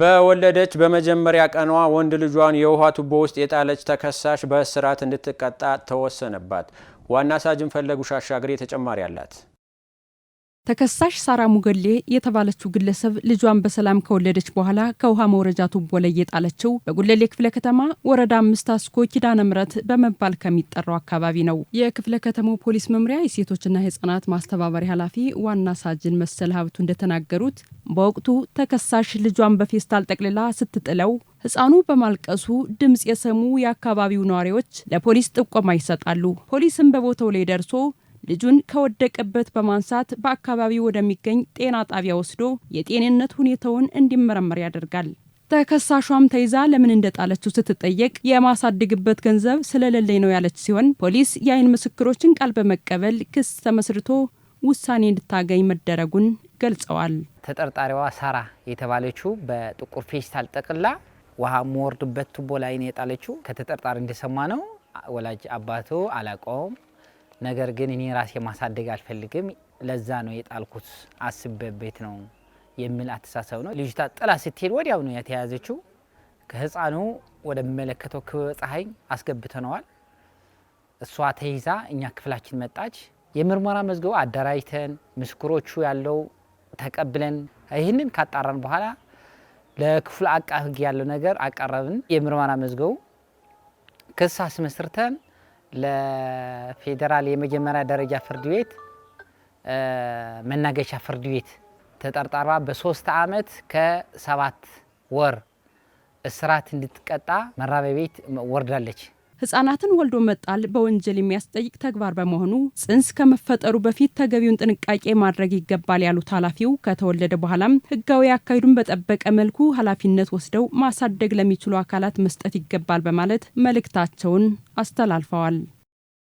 በወለደች በመጀመሪያ ቀኗ ወንድ ልጇን የውሃ ቱቦ ውስጥ የጣለች ተከሳሽ በእስራት እንድትቀጣ ተወሰነባት። ዋና ሳጅን ፈለጉ ሻሻግሬ ተጨማሪ አላት። ተከሳሽ ሳራ ሙገሌ የተባለችው ግለሰብ ልጇን በሰላም ከወለደች በኋላ ከውሃ መውረጃ ቱቦ ላይ የጣለችው በጉለሌ ክፍለ ከተማ ወረዳ አምስት አስኮ ኪዳነ ምረት በመባል ከሚጠራው አካባቢ ነው። የክፍለ ከተማው ፖሊስ መምሪያ የሴቶችና ህጻናት ማስተባበሪያ ኃላፊ ዋና ሳጅን መሰል ሀብቱ እንደተናገሩት በወቅቱ ተከሳሽ ልጇን በፌስታል ጠቅልላ ስትጥለው ህፃኑ በማልቀሱ ድምፅ የሰሙ የአካባቢው ነዋሪዎች ለፖሊስ ጥቆማ ይሰጣሉ። ፖሊስም በቦታው ላይ ደርሶ ልጁን ከወደቀበት በማንሳት በአካባቢው ወደሚገኝ ጤና ጣቢያ ወስዶ የጤንነት ሁኔታውን እንዲመረመር ያደርጋል። ተከሳሿም ተይዛ ለምን እንደጣለችው ስትጠየቅ የማሳድግበት ገንዘብ ስለሌለኝ ነው ያለች ሲሆን ፖሊስ የአይን ምስክሮችን ቃል በመቀበል ክስ ተመስርቶ ውሳኔ እንድታገኝ መደረጉን ገልጸዋል። ተጠርጣሪዋ ሳራ የተባለችው በጥቁር ፌስታል ጠቅላ ውሃ የምወርድበት ቱቦ ላይ ነው የጣለችው። ከተጠርጣሪ እንደሰማ ነው ወላጅ አባቱ አላውቀውም ነገር ግን እኔ ራሴ ማሳደግ አልፈልግም፣ ለዛ ነው የጣልኩት፣ አስበቤት ነው የሚል አተሳሰብ ነው። ልጅቷ ጥላ ስትሄድ ወዲያው ነው የተያዘችው። ከህፃኑ ወደሚመለከተው ክበበ ፀሐይ አስገብተነዋል። እሷ ተይዛ እኛ ክፍላችን መጣች። የምርመራ መዝገቡ አደራጅተን ምስክሮቹ ያለው ተቀብለን ይህንን ካጣራን በኋላ ለክፍሉ አቃቤ ሕግ ያለው ነገር አቀረብን። የምርመራ መዝገቡ ክስ አስመስርተን ለፌዴራል የመጀመሪያ ደረጃ ፍርድ ቤት መናገሻ ፍርድ ቤት ተጠርጣሯ በሶስት ዓመት ከሰባት ወር እስራት እንድትቀጣ መራቢያ ቤት ወርዳለች። ህጻናትን ወልዶ መጣል በወንጀል የሚያስጠይቅ ተግባር በመሆኑ ጽንስ ከመፈጠሩ በፊት ተገቢውን ጥንቃቄ ማድረግ ይገባል ያሉት ኃላፊው ከተወለደ በኋላም ህጋዊ አካሄዱን በጠበቀ መልኩ ኃላፊነት ወስደው ማሳደግ ለሚችሉ አካላት መስጠት ይገባል በማለት መልእክታቸውን አስተላልፈዋል።